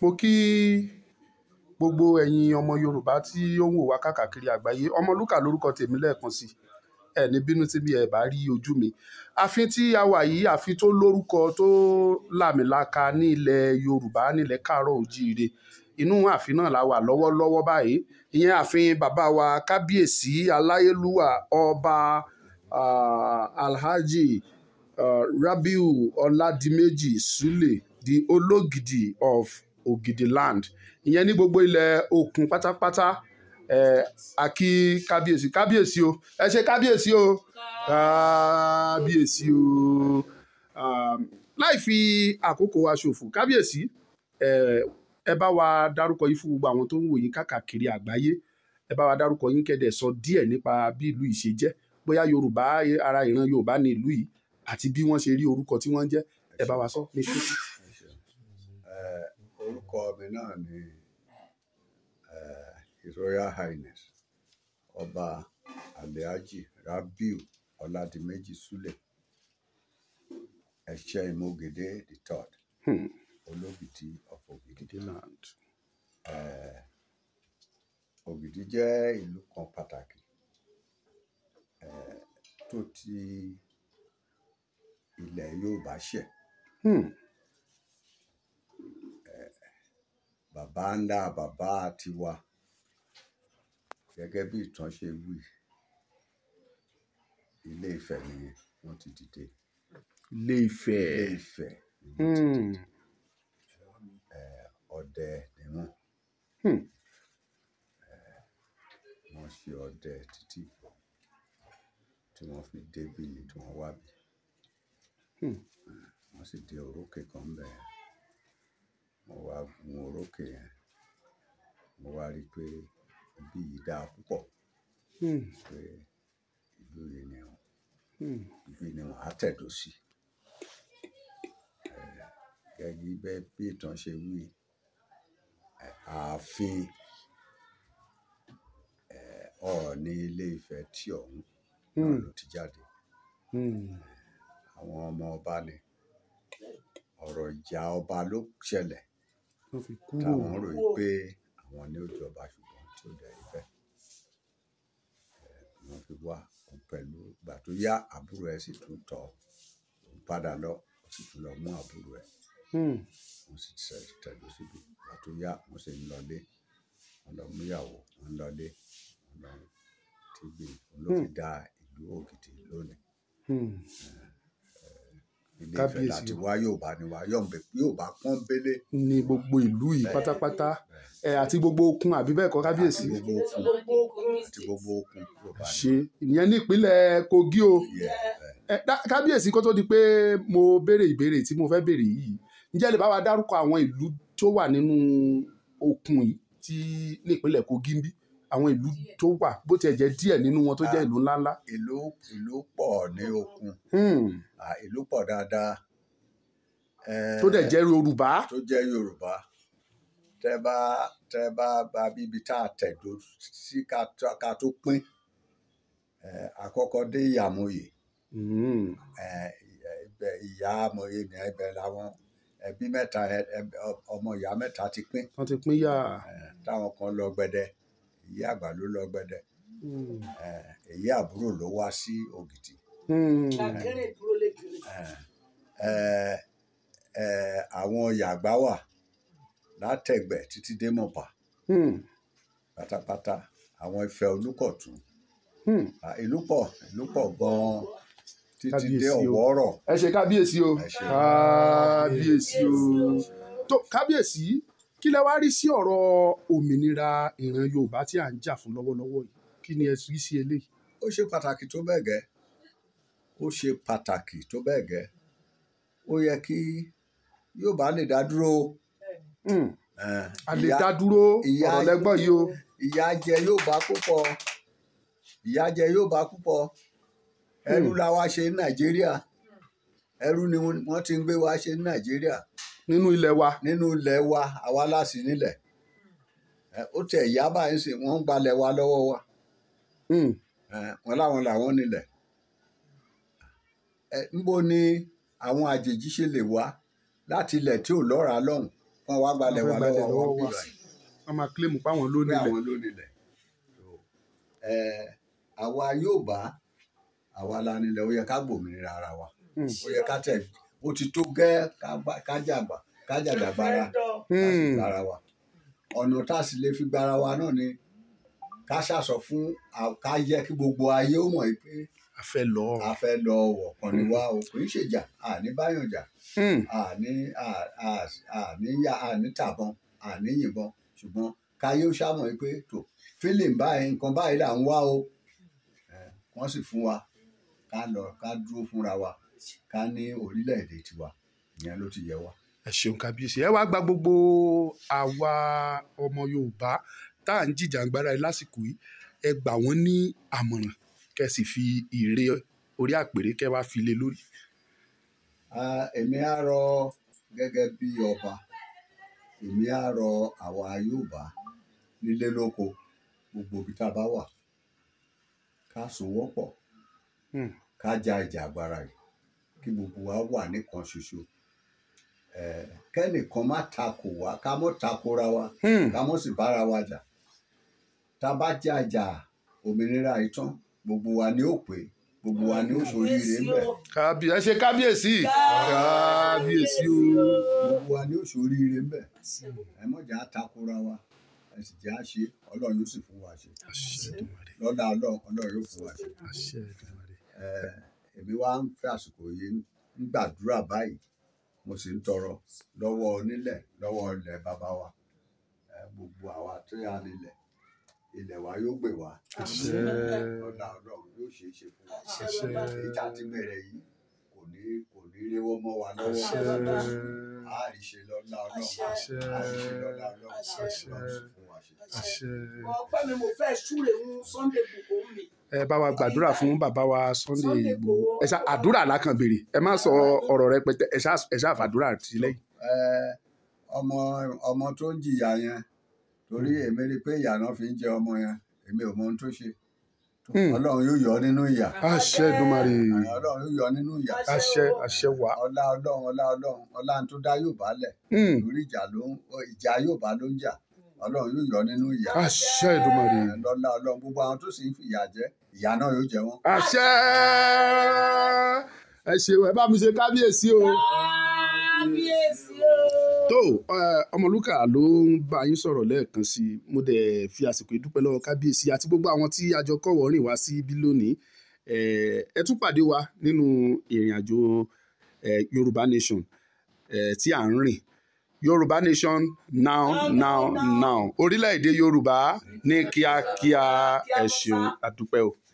mo kí gbogbo ẹ̀yin ọmọ yorùbá tí ó ń wò wá káàkiri àgbáyé ọmọlúkà lórúkọ tèmi lẹ́ẹ̀kan sí ẹ ní bínú tí mi ẹ bá rí ojú mi àfin tí a wà yìí àfin tó lórúkọ tó làmìlaka ní ilẹ̀ yorùbá nílẹ̀ káàárọ̀ òjíire inú àfin náà la wà lọ́wọ́lọ́wọ́ báyìí ìyẹn àfin bàbá wa kábíyèsí aláyélúwà ọba alhaji uh, rabiu ọládìméjì sule the Ologidi of Ogidiland ìyẹn ní gbogbo ilẹ̀ Òkun pátápátá àkí kábíyèsí kábíyèsí o ẹ ṣe kábíyèsí o kábíyèsí o láì fi àkókò wa ṣòfò kábíyèsí ẹ bá wa dárúkọ yín fún gbogbo àwọn tó ń wò yín káàkiri àgbáyé ẹ bá wa dárúkọ yín kẹ́dẹ̀ sọ díẹ̀ nípa bí ìlú yìí ṣe jẹ́ bóyá Yorùbá ara ìran Yorùbá ni ìlú yìí àti bí wọ́n ṣe rí orúkọ tí wọ́n ń ẹ bá wa sọ ní ṣókí ọkọ mi náà ni eh, his royal highness ọba alhaji rabiu ọládìméjì sule ẹṣẹ ìmọgede the third hmm. ológìdì of ògìdì land eh, ògìdì jẹ́ ìlú kan pàtàkì eh, tó ti ilẹ̀ yorùbá ṣẹ̀. Hmm. bàbá ńlá bàbá tiwa gẹ́gẹ́ bí ìtàn ṣe wí ilé Ifẹ̀ ni wọ́n ti dìde. ilé Ifẹ̀ ilé Ifẹ̀ hmm. ọdẹ ni wọ́n hmm. wọ́n ṣe ọdẹ títí tí wọ́n fi débi tí wọ́n wá bí hmm. wọ́n sì dé orókè kan bẹ́ẹ̀ mo wá gun orókè yẹn mo wá rí i pé ibi yìí dáa púpọ̀ hmm. pé ìlú yìí ni o hmm. ibi ni wọ́n á tẹ̀dó sí gẹ́gẹ́ bẹ́ẹ̀ bí ìtàn ṣe wí ààfin Ọọ̀ni Ilé-Ifẹ̀ tí ọ̀hún hmm. ló ti jáde àwọn ọmọ ọba ni ọ̀rọ̀ ìjà ọba ló ṣẹlẹ̀ tó fi kúrò táwọn rò yí pé àwọn ní ojú ọba ṣùgbọ́n tí ò dẹ̀ rí wọ́n fi wá pẹ̀lú ìgbà tó yá àbúrò ẹ̀ sì tún tọ̀ ọ́ padà lọ ó sì tún lọ mú àbúrò ẹ̀ wọ́n hmm. sì tẹ̀dó síbi ìgbà tó yá wọ́n sì ń lọlé wọ́n lọ múyàwó wọ́n lọlé wọ́n lọ tìgbì ló hmm. dá ìlú Òkìtì lónìí. Hmm. Ilé-Ifẹ̀ láti wá Yorùbá ni wá Yorùbá pọ́nbélé. ní gbogbo ìlú yìí pátápátá ẹ àti gbogbo okun àbí bẹ́ẹ̀ kọ́ kábíyèsí. àti gbogbo okun àti gbogbo okun Yorùbá ni. ṣe ìyẹn ní ìpínlẹ̀ Kogi o kábíyèsí kó tó di pé mo béèrè ìbéèrè tí mo fẹ́ béèrè yìí ǹjẹ́ lè bá wa dárúkọ àwọn ìlú tó wà nínú okun yìí ní ìpínlẹ̀ Kogi ń àwọn ìlú tó wà bó tiẹ̀ jẹ́ díẹ̀ nínú wọn tó jẹ́ ìlú ńláńlá. ìlú ìlú pọ̀ ní okun hmm. ìlú pọ̀ dáadáa. Eh, tó dẹ̀ jẹ́ yorùbá. tó jẹ́ yorùbá tẹ bá tẹ bá ba bíbi tá a tẹ̀dó sí ká tó pín eh, àkọ́kọ́ dé ìyàmóye hmm. eh, ìyá amòye ní ẹ̀bẹ̀ làwọn ẹbí mẹ́ta ọmọ ìyá mẹ́ta ti pín. wọ́n ti pín yá. táwọn kan lọ gbẹdẹ ìyá àgbà ló lọ gbẹdẹ ìyá hmm. eh, àbúrò ló wá sí ògìtì. Hmm. Eh, eh, àwọn yàgbá wà látẹ̀gbẹ́ títí dé mọ̀pà hmm. pátápátá àwọn Ifẹ̀ Olúkọ̀tún ah, ìlú pọ̀ ìlú pọ̀ gan títí dé Ọ̀wọ̀rọ̀. ẹ ṣe kábíyèsí o kábíyèsí o kábíyèsí kí lẹ wá rí sí ọ̀rọ̀ òmìnira ìran yorùbá tí à ń jà fún lọ́wọ́lọ́wọ́ yìí kí ni ẹ rí sí eléyìí. ó ṣe pàtàkì tó bẹ́ẹ̀ gẹ́ ó ṣe pàtàkì tó bẹ́ẹ̀ gẹ́ ó yẹ kí yorùbá lè dá dúró. Hmm. a lè dá dúró ọ̀rọ̀ lẹ́gbọ́n yìí o. ìyà jẹ yorùbá púpọ̀ ìyà jẹ yorùbá púpọ̀ ẹrú hmm. la wá ṣe ní nàìjíríà ẹrú ni wọ́n ti ń gbé wá ṣe ní nàìjíríà. nínú ilẹ̀ wa. nínú ilẹ̀ wa àwa láti nílẹ̀ ó tẹ yá báyìí wọ́n ń gbalẹ̀ wa lọ́wọ́ wa hmm. wọ́n láwọn làwọn nílẹ̀ níbo ni àwọn àjèjì ṣe lè wá láti ilẹ̀ tí ò lọ́ra lọ́hùn wọ́n wá gbalẹ̀ wa lọ́wọ́ wọn bí rẹ̀ máa kílèmù ló nílẹ̀ àwa yóò bá àwa la wa ó yẹ ká ó ti tó gẹ́ kájàgbà kájàgbàgbára bara wa ọ̀nà tá a sì lè fi gbára wa náà ni ká ṣàṣọ fún ká yẹ kí gbogbo ayé ó mọ̀ pé a fẹ́ lọ a fẹ́ lọ ọ̀wọ̀ kan ni hmm. wá o kò ń ṣèjà àní báyọ̀ jà àní hmm. àní yá àní tàbọn àní yìnbọn ṣùgbọ́n káyé ó ṣàmọ̀ pé tó fílìm báyìí nǹkan báyìí là ń wá o wọ́n sì fún wa ká lọ ká dúró fúnra wa ká ní orílẹ̀-èdè tiwa ìyẹn ló ti yẹ wá. ẹ ṣeun kábíyèsí ẹ wá gba gbogbo àwa ọmọ yorùbá tá à ń jìjàngbara ẹ lásìkò yìí ẹ gbà wọ́n ní àmọ̀ràn kẹ́ sì fi ire orí àpèrè kẹ́ wá fi lórí. èmi á rọ gẹ́gẹ́ bí ọba èmi á rọ àwa yorùbá nílé lóko gbogbo ibi tá a bá wà ká sowọ́pọ̀ hmm. ká ja ìjà agbára yìí kí gbogbo wa wà nìkan ṣoṣo kẹ́nìkan má takò wá ká mọ́ takora wa hmm. ká mọ́ sì bára wa jà tá a bá jẹ́ àjà òmìnira ìtàn gbogbo wa ni ó pé gbogbo wa ni ó ṣoríire ńbẹ. kábíyèsí ẹ ṣe kábíyèsí kábíyèsí o. gbogbo wa ni ó ṣoríire ńbẹ ẹ mọ̀ jẹ́ àtakora wa ẹ sì jẹ́ àṣe ọlọ́run yóò sì fún wa ṣe lọ́dà ọlọ́run yóò fún wa ṣe èmi wá ń fẹ́ àsìkò yìí ń gbàdúrà báyìí mo sì ń tọrọ lọ́wọ́ onílẹ̀ lọ́wọ́ ilẹ̀ bàbá wa gbogbo àwa tó yà nílẹ̀ ilẹ̀ wa yóò gbè wá ọ̀dà ọlọ́run yóò ṣe é ṣe fún wa èyí ti bẹ̀rẹ̀ yìí kò ní kò rere wọ́n mọ́ wa lọ́wọ́ àìṣe lọ́la ọlọ́run àìṣe lọ́la ọlọ́run ọpẹ́ mi mo fẹ́ ṣúre ń Sunday Igboho mi. ẹ bá wa gbàdúrà fún bàbá wa Sunday Igboho ẹ ṣá àdúrà lákàn béèrè ẹ má sọ ọ̀rọ̀ rẹpẹtẹ ẹ ṣá àfàdúrà sílẹ̀. ọmọ ọmọ tó ń jìyà yẹn torí hmm. èmi rí pé ìyà fi ń jẹ ọmọ yẹn èmi ò mọ ohun tó ṣe. Hmm. ọlọ́run yóò yọ ọ nínú ìyà. àṣẹ Èdùmàrè. ọlọ́run yóò yọ ọ nínú ìyà. àṣẹ àṣẹ wà. ọlá ọlọ́run ọlá ọlọ́run ọlá tó dá yóò bá lẹ̀. lórí hmm. ìjà ló ń ìjà yóò bá ló ń jà ọlọ́run yóò yọ nínú ìyà. àṣẹ Èdùmàrè. lọ́la ọlọ́run gbogbo àwọn tó sì ń fìyà jẹ ìyà náà yóò jẹ wọ́n. àṣẹ ẹ ṣeun ẹ bá mi ṣe kábíyèsí o. kábíyèsí tó eh, ọmọlúkà ló ń bá yín sọ̀rọ̀ lẹ́ẹ̀kan sí i mo dẹ̀ fi àsìkò ìdúpẹ́ lọ́wọ́ kábíyèsí àti gbogbo àwọn tí àjọ kọ̀wọ́ rìn wá sí bí lónìí eh, ẹ tún pàdé wa nínú ìrìn àjò eh, Yorùbá Nation tí à ń rìn Yorùbá Nation now now now orílẹ̀-èdè Yorùbá ní kíákíá ẹ ṣeun àdúpẹ́ o.